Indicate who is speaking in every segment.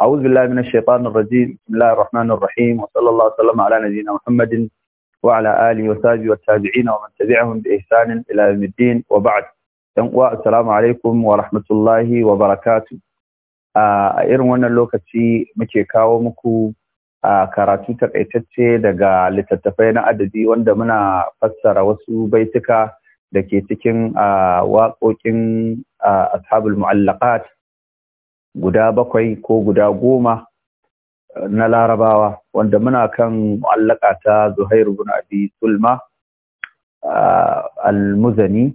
Speaker 1: أعوذ بالله من الشيطان الرجيم بسم الله الرحمن الرحيم وصلى الله وسلم على نبينا محمد وعلى آله وصحبه والتابعين ومن تبعهم بإحسان إلى يوم الدين وبعد السلام عليكم ورحمة الله وبركاته a irin wannan lokaci muke kawo muku a karatu takaitacce daga littattafai na adadi wanda muna fassara wasu baituka da ke cikin waƙoƙin ashabul mu'allaqat guda bakwai ko guda goma eh, na larabawa wanda muna kan mu'allaka ta zuhairu bin abi sulma eh, al-muzani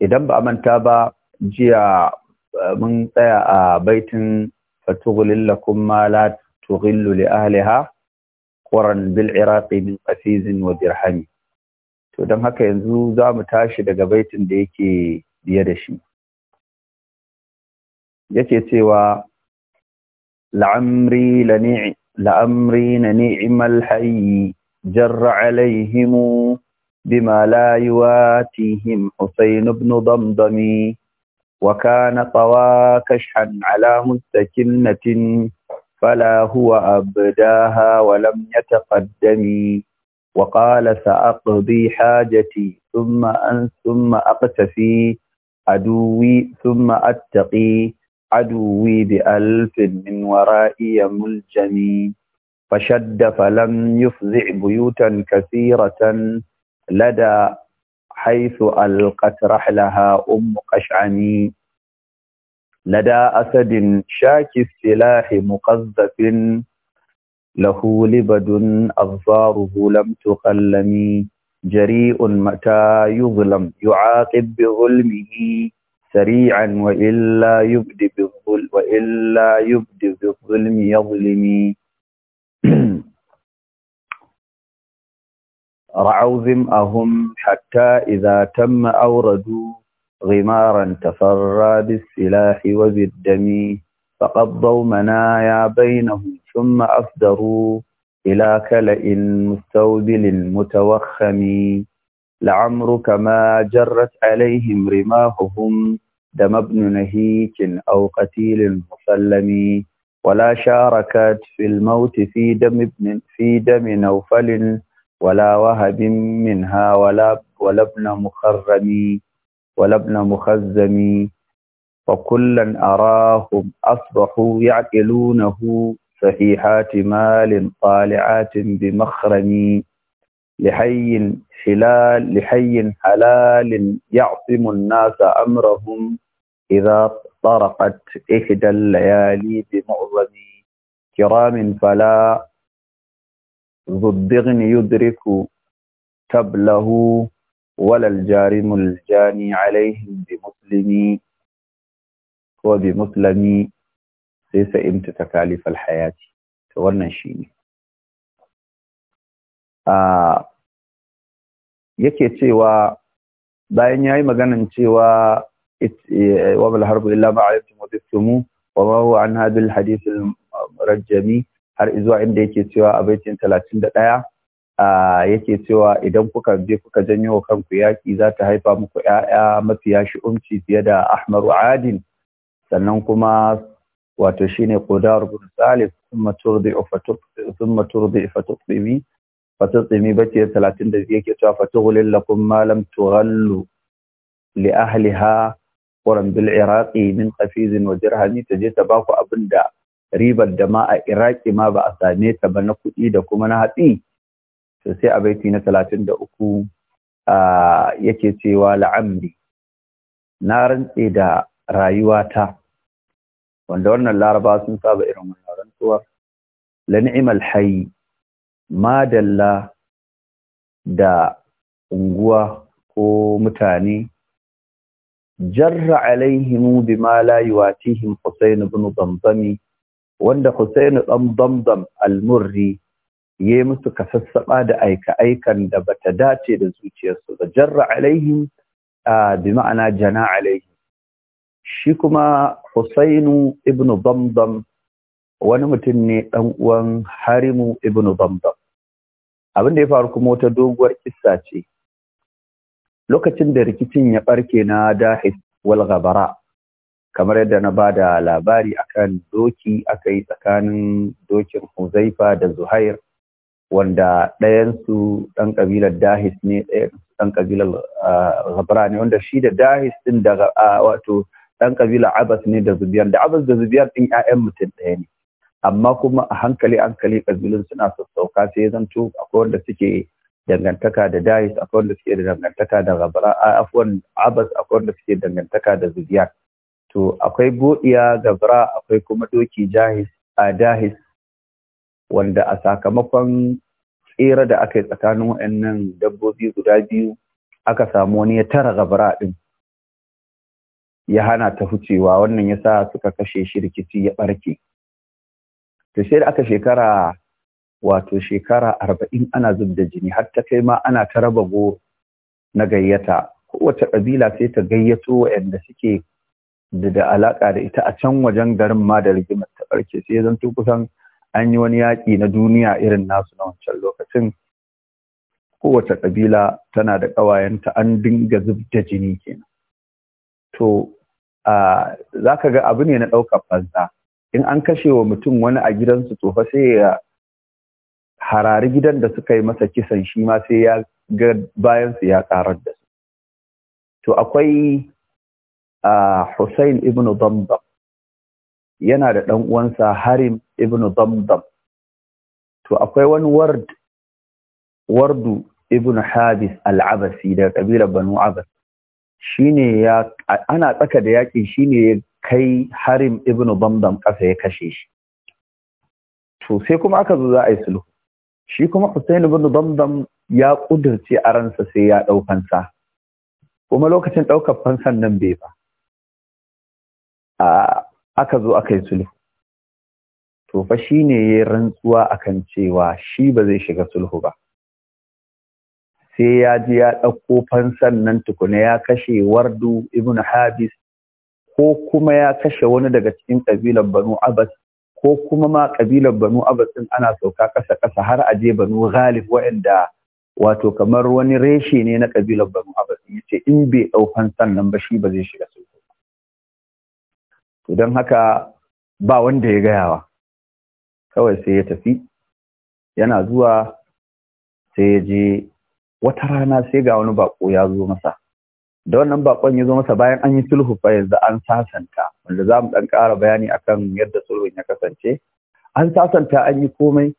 Speaker 1: idan ba a manta ba jiya eh, mun tsaya a baitin fatughulil lakum ma la tughillu li ahliha quran bil iraqi min qasiz wa dirham to dan haka yanzu za mu tashi daga baitin da yake biye da shi yake cewa la'amri lani la'amri na ni'mal hayyi jarra alaihimu بما لا يواتيهم حسين بن ضمضم وكان طوى كشحا على مستكنة فلا هو أبداها ولم يتقدم وقال سأقضي حاجتي ثم أن ثم أقتفي عدوي ثم أتقي عدوي بألف من ورائي ملجمي فشد فلم يفزع بيوتا كثيرة لدى حيث ألقت رحلها أم قشعمي لدى أسد شاكي السلاح مقذف له لبد أظفاره لم تقلمي جريء متى يظلم يعاقب بظلمه سريعا وإلا يبدي بالظلم وإلا يبدي بالظلم يظلمي رعوا اهم حتى إذا تم أوردوا غمارا تفرى بالسلاح وبالدم فقضوا منايا بينهم ثم أفدروا إلى كلئ مستوبل متوخم لعمرك ما جرت عليهم رماحهم دم ابن نهيك أو قتيل مسلم ولا شاركت في الموت في دم ابن في دم نوفل ولا وهب منها ولا ولا ابن مخرم ولا ابن مخزم وكلا أراهم أصبحوا يعقلونه صحيحات مال طالعات بمخرم لحي حلال لحي حلال يعصم الناس أمرهم إذا طرقت إحدى الليالي بمعظم كرام فلا ذو الدغن يدرك تبله ولا الجارم الجاني عليهم بمسلمي وبمسلمي ليس إمت تكاليف الحياة تورنا شيني آه yake cewa باين ya yi maganan وما الحرب إلا ما علمتم وضفتموه وما هو عن هذا الحديث المرجمي har izuwa inda yake cewa a baitin talatin da ɗaya yake cewa idan kuka je kuka janyo wa kanku yaƙi za ta haifa muku ‘ya'ya mafiya umci fiye da ahmaru adin sannan kuma wato shine qudar bin salif thumma turdi thumma turdi fatutimi fatutimi bace 32 yake cewa fatughul lakum ma lam li ahliha quran bil iraqi min qafiz wa dirhami ta je ta baku abin da ribar da ma a iraki ma ba a same ta ba na kuɗi da kuma na hatsi to sai a baiti na 33 yake cewa la'amri na rantse da rayuwata wanda wannan laraba sun saba irin wannan rantsuwar la ni'mal hayy dalla da unguwa ko mutane jarra alaihi bima la yuwatihim Husayn ibn Damdam wanda Husainu ɗan bambam almurri. ya yi musu kasassaɓa da aika aikan da bata dace da zuciyarsu da jarra alaihi bi ma'ana jana alaihi shi kuma Husainu ibn bambam wani mutum ne dan uwan Harimu ibn Damdam abin da ya faru kuma wata doguwar kissa ce lokacin da rikicin ya barke na dahis wal ghabara kamar yadda na ba da labari akan doki aka yi tsakanin dokin huzaifa da zuhair wanda ɗayansu ɗan ƙabilar dahis ne ɗan ƙabilar ghabara ne wanda shi da dahis ɗin da wato ɗan ƙabilar abbas ne da zubiyar da abbas da zubiyar ɗin 'ya'yan mutum ɗaya ne amma kuma a hankali hankali ƙabilun suna sassauka sai zan zanto akwai wanda suke dangantaka da Dais akwai wanda suke da dangantaka da Rabra afwan Abbas akwai wanda suke dangantaka da Zubiyan to akwai godiya Gabra akwai kuma doki Jahis a Dahis wanda a sakamakon tsira da aka yi tsakanin waɗannan dabbobi guda biyu aka samu wani ya tara Gabra din ya hana ta hucewa wannan yasa suka kashe shi rikici ya barke to sai da aka shekara wato shekara arba'in ana zub da jini har ta kai ma ana ta raba go na gayyata kowace ƙabila sai ta gayyato wa'anda suke da alaƙa da ita a can wajen garin ma da rigimar ta ɓarke sai zan kusan an yi wani yaƙi na duniya irin nasu na wancan lokacin kowace ƙabila tana da ƙawayenta an dinga zub da jini kenan to za ka ga abu ne na ɗaukar fansa in an kashe wa mutum wani a gidansu to sai ya harari gidan da suka yi masa kisan shi ma sai ya ga bayansu ya karar da su. To akwai Hussein ibn Dambam yana da ɗan uwansa Harim ibn Dambam. To akwai wani ward wardu ibn Habis al-Abasi daga kabilar Banu Abbas. Shine ya ana tsaka da yaƙi shine ya kai Harim ibn Dambam ƙasa ya kashe shi. To sai kuma aka zo za a yi sulhu. shi kuma Hussein ibn Dandam ya kudirce a ransa sai ya dau kuma lokacin daukar fansan nan bai ba a aka zo aka yi sulhu to fa shine yayin rantsuwa akan cewa shi ba zai shiga sulhu ba sai ya ji ya ɗauko fansan nan tukuna ya kashe wardu ibn habis ko kuma ya kashe wani daga cikin ƙabilar banu abbas ko kuma ma ƙabilar banu abbas ana sauka ƙasa ƙasa har a je banu ghalib waɗanda wato kamar wani reshe ne na ƙabilar banu abbas din yace in bai ɗaukan sannan ba shi ba zai shiga ba. to don haka ba wanda ya gayawa kawai sai ya tafi yana zuwa sai ya je wata rana sai ga wani bako ya zo masa da wannan bakon ya zo masa bayan an yi sulhu fa yanzu an sasanta wanda za mu ɗan ƙara bayani akan yadda sulhun ya kasance an sasanta an yi komai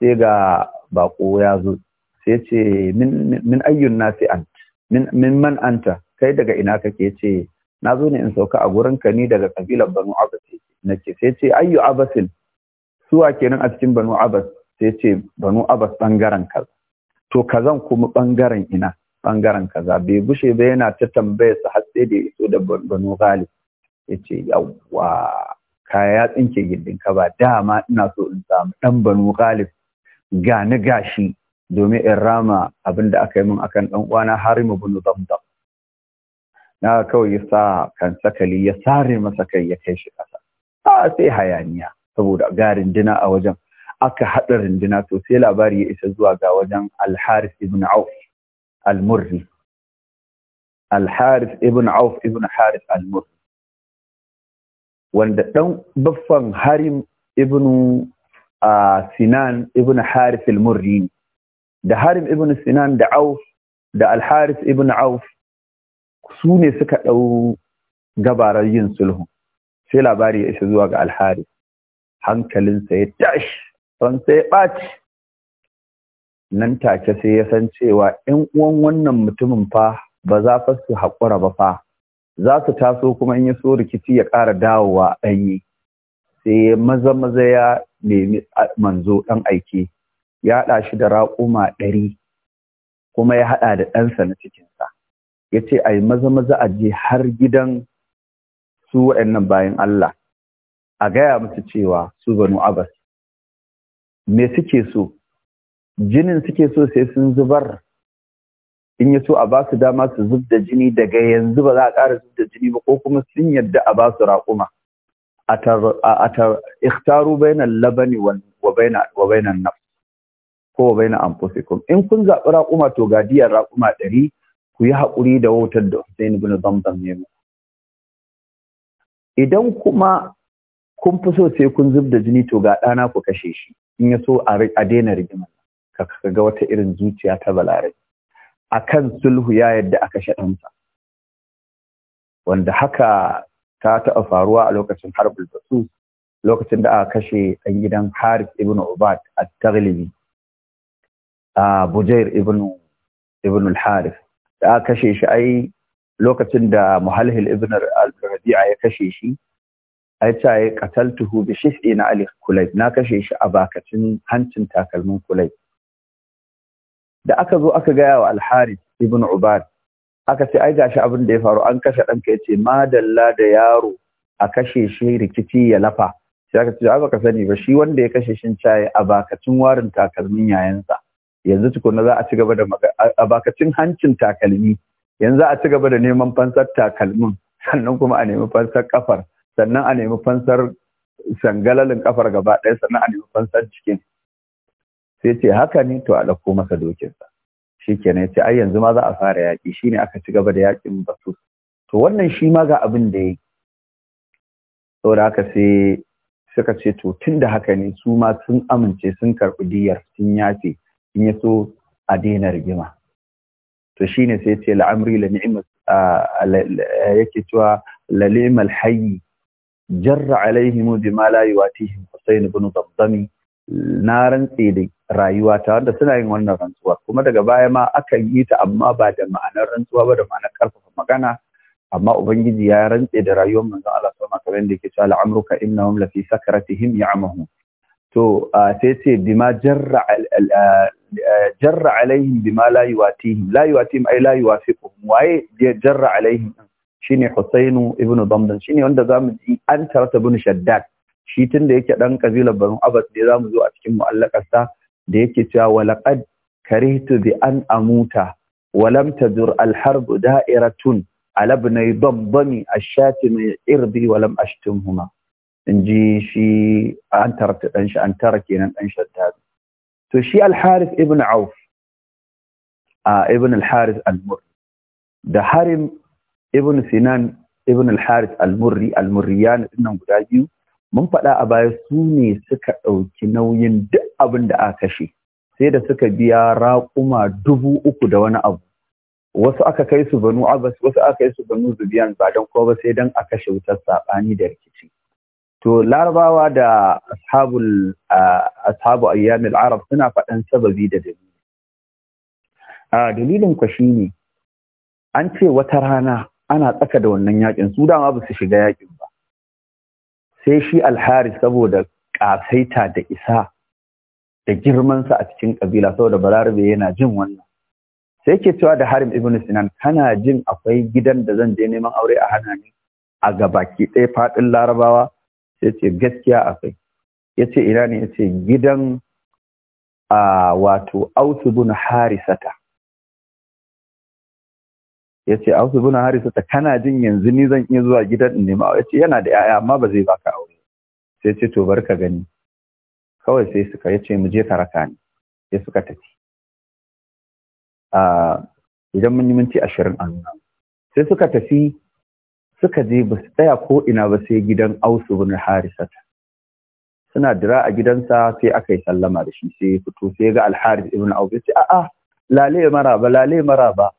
Speaker 1: sai ga bako ya zo sai ce min ayyun nasi an, min man anta kai daga ina kake ce na zo ne in sauka a gurin ka ni daga kabilar banu abbas nake sai ce ayyu abbasin suwa kenan a cikin banu abbas sai ce banu abbas bangaren kaza to kazan kuma bangaren ina bangaren kaza bai gushe ba yana ta tambaya su har sai da ya iso da banu gali ya ce yawwa kaya tsinke gindin ka ba dama ina so in samu dan banu gali ga ni gashi domin in rama abin da aka yi min akan dan uwana mu bin zamzam na kawai ya sa kan sakali ya sare masa kai ya kai shi kasa a sai hayaniya saboda ga rindina a wajen aka haɗa rindina to sai labari ya isa zuwa ga wajen alharis ibn auf al-murri ibn auf ibn wanda ɗan baffan harim ibn sinan ibn harith al-murri da harim ibn sinan da auf da al-harith ibn auf su ne suka ɗau gabarar yin sulhu sai labari ya isa zuwa ga al-harith hankalinsa ya tashi sai ya ɓaci nan take sai ya san cewa ‘yan uwan wannan mutumin fa ba za fa su haƙura ba fa za su taso kuma in ya so rikici ya ƙara dawowa ɗanyi sai ya maza maza ya nemi manzo ɗan aiki ya haɗa shi da raƙuma ɗari kuma ya haɗa da ɗansa na cikinsa ya ce a yi maza maza a je har gidan su waɗannan bayan Allah a gaya musu cewa su banu abas me suke so jinin suke so sai sun zubar in ya so a ba su dama su zub da jini daga yanzu ba za a ƙara zub da jini ba ko kuma sun yadda a ba su raƙuma a tar ikhtaru bainal labani wa bainan nafs ko wa bainan anfusikum in kun zaɓi raƙuma to ga diyar raƙuma ɗari ku yi haƙuri da wautar da Hussein ibn Zamzam ne mu. idan kuma kun fi so sai kun zub da jini to ga ɗana ku kashe shi in ya so a daina rigimar ka ga wata irin zuciya ta balare kan sulhu ya yadda aka shaɗansa wanda haka ta taɓa faruwa a lokacin harbul basu lokacin da aka kashe ɗan gidan Haris ibn Obad a taghlibi a Bujair ibn harith da aka kashe shi ai lokacin da Muhalhil ibn al-Rabi'a ya kashe shi ai ta yi qataltuhu bi shif'i na Ali na kashe shi a bakacin hancin takalmin kulai. da aka zo aka gaya wa alhari ibn ubad aka ce ai gashi abin da ya faru an kashe ɗanka ya ce madalla da yaro a kashe shi rikici ya lafa sai aka ce ba ka sani ba shi wanda ya kashe shin caye a bakacin warin takalmin yayansa yanzu tukuna za a ci gaba da a bakacin hancin takalmi yanzu a ci gaba da neman fansar takalmin sannan kuma a nemi fansar kafar sannan a nemi fansar sangalalin kafar gaba ɗaya sannan a nemi fansar cikin sai ce haka ne to a ɗauko masa dokinsa shi kenan ya ce ai yanzu ma za a fara yaƙi shi ne aka ci gaba da yaƙin basu to wannan shi ma ga abin da ya yi saboda haka sai suka ce to tun da haka ne su ma sun amince sun karɓi diyar sun yafe in ya so a daina rigima to shi ne sai ce la'amri la ni'mat yake cewa la limal hayyi jarra bi ma la yuwatihim husayn ibn zamzami na rantse da rayuwa ta wanda suna yin wannan rantsuwa kuma daga baya ma akan yi ta amma ba da ma'anar rantsuwa ba da ma'anar karfafa magana amma ubangiji ya rantse da rayuwar manzon Allah sama kamar da yake cewa la'amruka innahum la fi sakaratihim ya'mahun to sai ce bima jarra jarra alaihim bima la yuwatihim la yuwatihim ai la yuwafiquhum waye jarra alaihim shine Husainu ibn Damdan shine wanda zamu ji an tarata bin Shaddad shi tun da yake ɗan kabilar Banu Abbas ne za mu zo a cikin mu'allakarsa da yake cewa walaqad karihtu bi an amuta wa lam tadur al harb da'iratun ala ibnai dabbami ashati min irbi wa lam ashtumhuma inji shi an tarata dan shi an tara kenan dan to shi al harith ibn auf a ibn al harith al da harim ibn sinan ibn al harith al murri al murriyan dinnan guda biyu mun faɗa a baya su ne suka ɗauki nauyin duk abin da aka kashe sai da suka biya raƙuma dubu uku da wani abu wasu aka kai su banu abbas wasu aka kai su banu zubiyan ba don kowa sai don a kashe wutar saɓani da rikici to larabawa da ashabul ashabu ayyamil arab suna faɗan sababi da dalili a dalilin ku shine an ce wata rana ana tsaka da wannan yakin su dama ba su shiga yakin sai shi alharis saboda ƙasaita da isa da girmansa a cikin kabila saboda balarabe yana jin wannan sai ke cewa da harim ibn sinan kana jin akwai gidan da zan je neman aure a hana a a baki ɗaya faɗin larabawa sai ce gaskiya akwai ya ce ina ne ya ce gidan a wato ausu bin harisata ya ce wasu buna hari ta kana jin yanzu ni zan iya zuwa gidan in nema ya ce yana da yaya amma ba zai baka aure sai ce to bar gani kawai sai suka ya ce mu je ka raka ni sai suka tafi idan mun yi minti ashirin a nuna sai suka tafi suka je ba su tsaya ko ina ba sai gidan ausu bin harisata suna dira a gidansa sai aka yi sallama da shi sai ya fito sai ya ga alharis ibn auf ya ce a'a lale ba lale ba.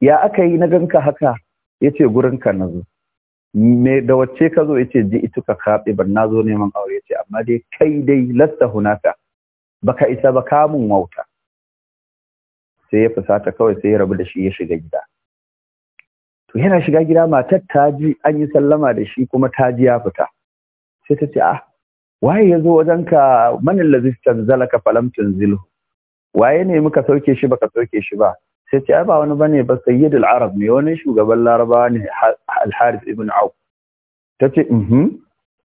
Speaker 1: ya aka yi na ganka haka ya ce gurinka na zo me da wacce ka zo ya ce ji ituka kaɓe ban na zo neman aure ya ce amma dai kai dai lasta hunaka baka isa ba kamun wauta sai ya fusata kawai sai ya rabu da shi ya shiga gida to yana shiga gida matar ta ji an yi sallama da shi kuma ta ji ya fita sai ta ce ah waye ya zo wajen wajenka manin lazistan zalaka falam tunzilu waye ne muka sauke shi baka sauke shi ba sai ce ba wani bane ba sayyidul arab ne wani shugaban Laraba ne al-harith ibn auf tace mhm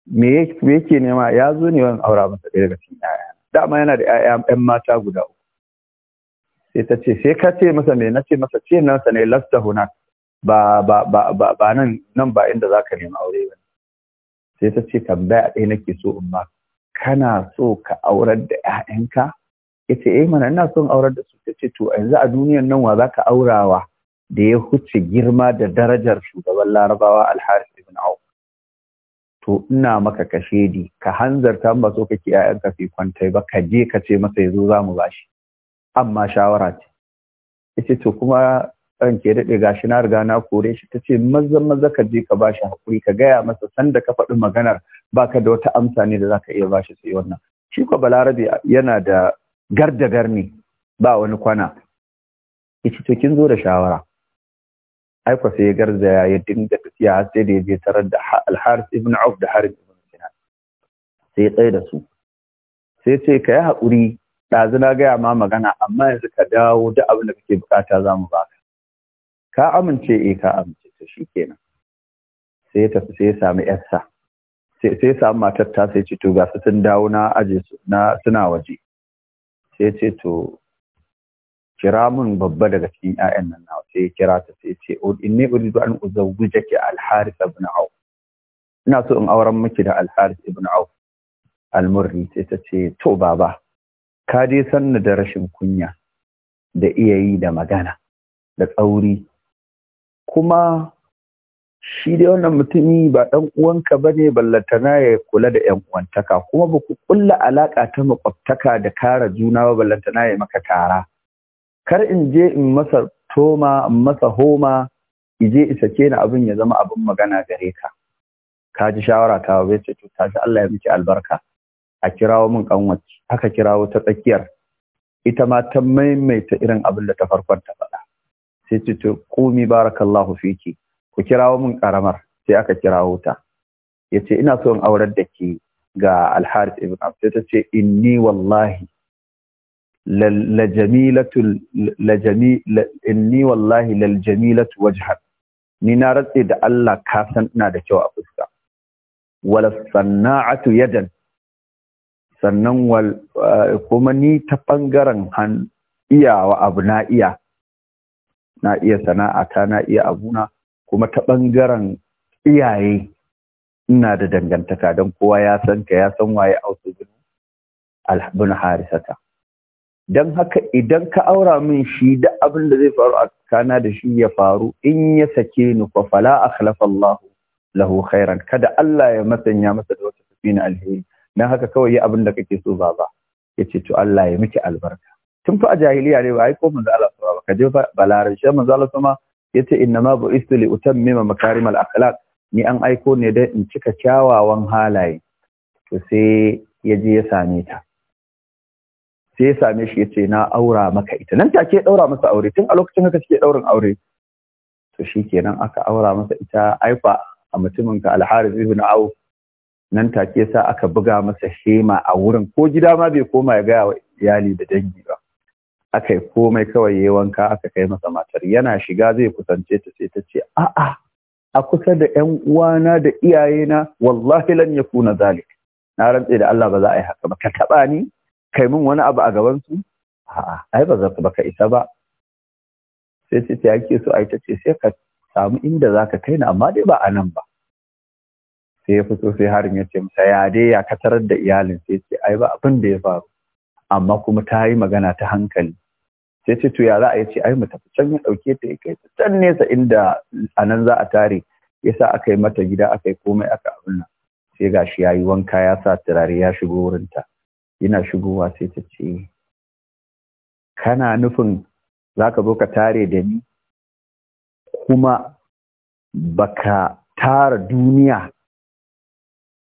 Speaker 1: me yake nema ya zo ne wani aura masa ɗaya daga cikin ƴaƴa dama yana da yaya ɗan mata guda uku sai ta ce sai ka ce masa me nace masa ce nan sa ne lasta hunak ba ba ba ba, nan nan ba inda zaka nemi aure ba sai tace ce tambaya ɗaya nake so in kana so ka aurar da ƴaƴanka ya ce eh mana ina son aurar da su ta ce to yanzu a duniyan nan wa za ka aurawa da ya huce girma da darajar shugaban larabawa alharis ibn au to ina maka kashedi ka hanzarta ba so kake yayan ka fi kwantai ba ka je ka ce masa yazo za mu bashi amma shawara ce yace to kuma ran ke daɗe gashi na riga na kore shi ta ce maza maza ka je ka bashi hakuri ka gaya masa sanda ka faɗi maganar baka da wata amsa ne da zaka iya bashi sai wannan shi ko balarabe yana da gardagar ne ba wani kwana yace to kin zo da shawara ai ko sai garzaya ya dinga tafiya har sai da je tarar da al ibn Auf da Harith ibn sai tsaye da su sai ce ka yi haƙuri ɗazu na gaya ma magana amma yanzu ka dawo duk abin da kake bukata za mu baka ka amince eh ka amince to shikenan sai ya tafi sai ya sami yarsa sai ya samu matar ta sai ce to ga su sun dawo na aje su na suna waje sai ce to kira mun babba daga cikin ƴaƴan nan nawa sai kira ta sai ce inni uridu an uzawwijaki al-harith ibn au? ina so in auren miki da al-harith ibn auf al-murri sai ta ce to baba ka dai sanna da rashin kunya da iyayi da magana da tsauri kuma shi dai wannan mutumi ba dan uwanka bane ne ballantana ya kula da ‘yan uwantaka kuma ba ku ƙulla alaƙa ta makwabtaka da kara juna ba ballantana ya maka tara kar in je in masa toma in masa homa ije isa sake na abin ya zama abin magana gare ka ka ji shawara ta ba ce to ji Allah ya miki albarka a kirawo min kanwaci aka kirawo ta tsakiyar ita ma ta maimaita irin abin da ta farkon ta faɗa sai ce to qumi barakallahu fiki ku kirawo min karamar sai aka kirawo ta yace ina so in aurar da ke ga al-Harith ibn ta ce inni wallahi la jamilatu la jami inni wallahi lal jamilatu wajhat ni na ratse da Allah ka san ina da kyau a fuska wala sanna'atu yadan sannan wal eh, kuma ni ta bangaren han iyawa abu na iya na iya sana'a ta na iya abuna kuma ta ɓangaren iyaye ina da dangantaka don kowa ya san ka ya san waye ausu bin harisata don haka idan ka aura min shi da abin da zai faru a kana da shi ya faru in ya sake ni fa fala akhlafa Allah lahu khairan kada Allah ya masanya masa da wata kufi na alheri dan haka kawai yi abin da kake so baba yace to Allah ya miki albarka tun fa a jahiliya ne ba ai ko manzo Allah ba ka je ba? balarashi manzo Allah ma. yace innama bu'istu li utammima makarimal akhlaq ni an aiko ne dan in cika kyawawan halaye to sai ya ya same ta sai ya same shi yace na aura maka ita nan take daura masa aure tun a lokacin haka take daurin aure to shikenan aka aura masa ita aifa a mutumin ka al-Harith ibn Auf nan take sa aka buga masa shema a wurin ko gida ma bai koma ya gaya wa iyali da dangi ba Akai komai kawai ya wanka aka kai masa matar yana shiga zai kusance ta sai ta ce a'a a kusa da ƴan uwana da iyayena wallahi lan yakuna zalik na rantse da Allah ba za a yi haka ba ka taba ni kai min wani abu a gaban su a'a ai ba za ka baka isa ba sai ce ta yake so ai ta ce sai ka samu inda zaka kai ni amma dai ba a nan ba sai ya fito sai harin ya ce masa ya dai ya katarar da iyalin sai ce ai ba abin da ya faru amma kuma ta yi magana ta hankali sai ce to ya za a yi ce ai mu tafi can ya dauke ta ya kai can nesa inda nan za a tare yasa aka yi mata gida aka yi komai aka abin nan sai gashi ya yi wanka ya sa turare ya shigo wurinta yana shigowa sai ta ce kana nufin za ka zo ka tare da ni kuma baka tara duniya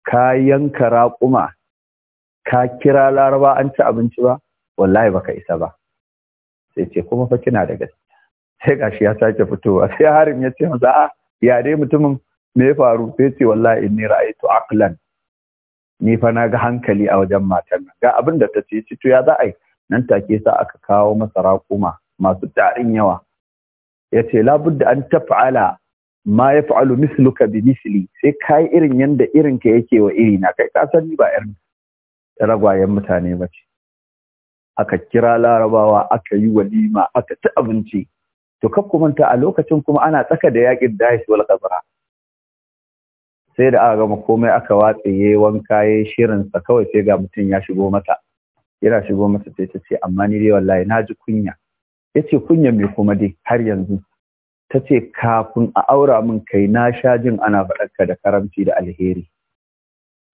Speaker 1: ka yanka raƙuma ka kira laraba an ci abinci ba wallahi baka isa ba sai ce kuma fa kina da gaske. sai gashi ya sake fitowa sai harin ya ce masa a ya dai mutumin me ya faru sai ce wallahi inni ra'aytu aqlan ni fa na ga hankali a wajen matan nan ga abin da ta ce ci to ya za a yi nan take sa aka kawo masa raƙuma masu tarin yawa ya ce labudda an taf'ala ma ya fa'alu misluka bi misli sai kai irin yanda irinka yake wa irina kai ka sani ba irin ragwayen mutane ba aka kira larabawa aka yi walima aka ci abinci to kakku manta a lokacin kuma ana tsaka da yakin daesh wal kabra sai da aka gama komai aka watse yi wanka yayi shirin sa kawai sai ga mutum ya shigo mata yana shigo mata sai ta ce amma ni dai wallahi na ji kunya yace kunya me kuma dai har yanzu ta ce kafin a aura min kai na sha jin ana ka da karamci da alheri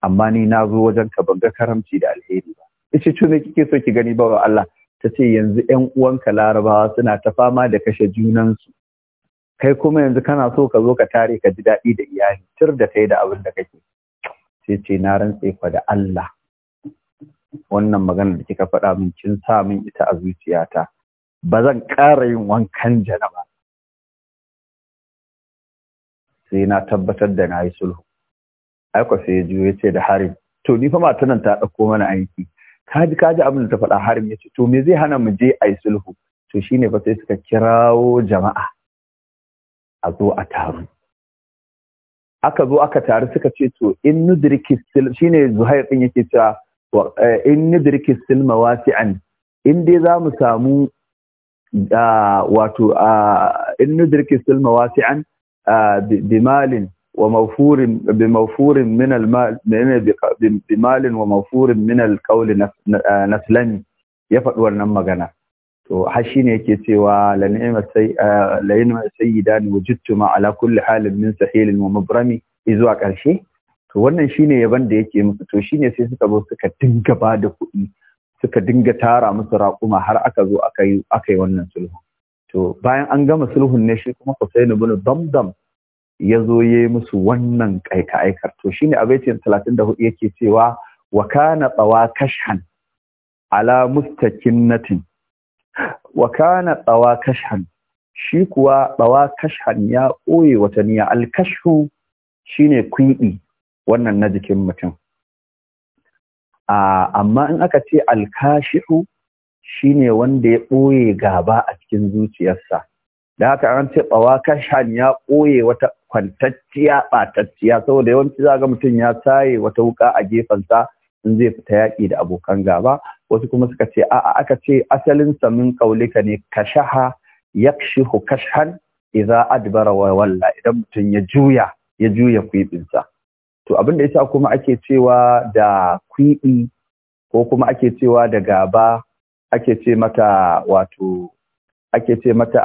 Speaker 1: amma ni na zo wajen ka ban ga karamci da alheri ba yace to kike so ki gani bawa Allah ta ce yanzu ƴan uwanka larabawa suna ta fama da kashe junansu kai kuma yanzu kana so ka zo ka tare ka ji daɗi da iyali tur da kai da abin da kake sai ce na rantse fa da Allah wannan magana da kika faɗa min kin sa min ita a zuciyata ba zan ƙara yin wankan jana ba sai na tabbatar da na yi sulhu ai sai ya juyo ya ce da harin to ni fa matanan ta ɗauko mana aiki kaji kaji abin da ta faɗa harim ya ce to me zai hana mu je a yi sulhu to shine fa sai suka kirawo jama'a a zo a taru aka zo aka taru suka ce to in nudriki sil shine zuhair din yake cewa eh, in nudriki silma wasi'an in dai za mu samu ah, wato ah, in nudriki silma wasi'an ah, bimalin wa mawfurin bi mawfurin min al mal bi malin wa ya faɗuwar wannan magana to har shine yake cewa la ni'ma sai la ni'ma sayyidan wujidtu ma ala kulli halin min sahilin wa mabrami zuwa ƙarshe to wannan shine yaban da yake musu to shine sai suka zo suka dinga ba da kuɗi suka dinga tara musu raƙuma har aka zo aka yi wannan sulhu to bayan an gama sulhun ne shi kuma Husainu bin Damdam ya zo ya yi musu wannan aika aikar to ne a baitin 34 yake cewa wa kana tsawa kashan ala natin wa kana tsawa kashan shi kuwa tsawa kashan ya ɓoye wata niyya alkashu ne kwiɗi wannan na jikin mutum amma in aka ce alkashihu ne wanda ya ɓoye gaba a cikin zuciyarsa da haka an ce tsawa kashan ya ɓoye wata kwantacciya ɓatacciya saboda yawanci za ga mutum ya saye wata wuka a gefensa in zai fita yaƙi da abokan gaba wasu kuma suka ce a'a aka ce asalin samin ƙaulika ne kashaha yakshihu kashan idza adbara wa walla idan mutum ya juya ya juya kwibinsa to abin da yasa kuma ake cewa da kwibi ko kuma ake cewa da gaba ake ce mata wato ake ce mata